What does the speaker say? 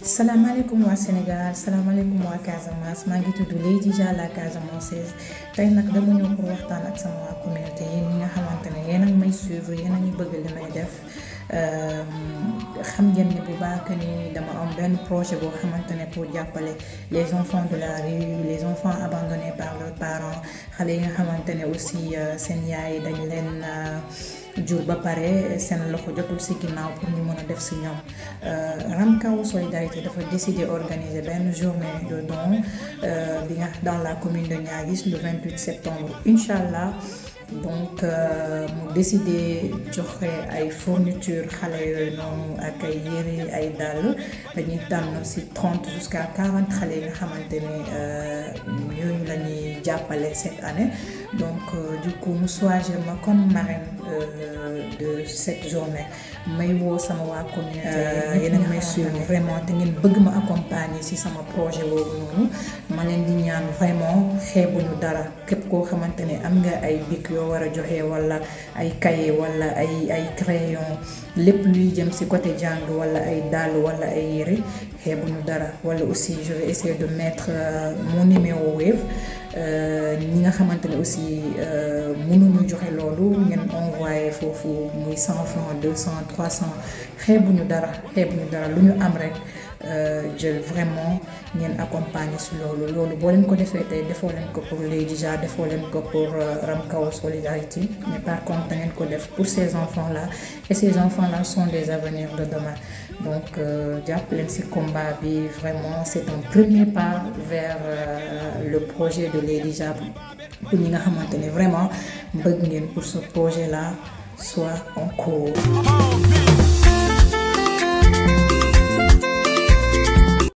alaikum wa Sénégal salaamaaleykum wa Casamance maa ngi tudd Lady Dia la Casamançaise Tay nak dama ñëw pour waxtaan ak sama communauté yéen ñi nga xamante ne may suivre yéen a bëgg li may def euh, xam ngeen ni bu baax ni dama am benn projet boo pour jàppale les enfants de la rue les enfants abandonnés par leurs parents xale yi nga aussi euh, seen yaay dañ leen. Euh, jur ba pare seen loxo jotul si ginnaaw pour ñu mën a def si ñoom euh, Ramkaw solidarité dafa décider organiser benn journée de don euh, bi nga dans la commune de Niaguis le 28 septembre incha allah donc euh, mu décidé joxe ay fourniture xale yooyu noonu ak ay yére ay dàll dañuy tànn si trente jusqu'à 40 xale yi nga xamante ni ñooñu la ñuy jàppale cette année. Donc, euh, du coup, je suis comme marraine euh, de cette journée. Je euh, ça ma communauté. Je euh, suis vraiment je veux m'accompagner si mon projet. Je suis vraiment xeebuñu dara Kep ko xamantene am nga ay bic yo wara a joxe wala ay cahier wala ay ay crayon lepp luy jëm ci côté jàng wala ay dal wala ay yére xeebuñu dara wala aussi je vais essayer de mettre euh, mon numéro web ñi nga aussi euh, mënuñu joxe envoyé foofu muy euh, jël vraiment ngeen accompagner si loolu loolu boo leen ko defee tey defoo leen ko pour les déjà defoo leen ko pour euh, Ramkao Solidarité mais par contre ngeen ko def pour ces enfants là et ces enfants là sont des avenirs de demain donc euh, jàpp leen si combat bi vraiment c'est un premier pas vers le projet de les déjà pour ñi nga xamante ne vraiment bëgg ngeen pour ce projet là soit en cours.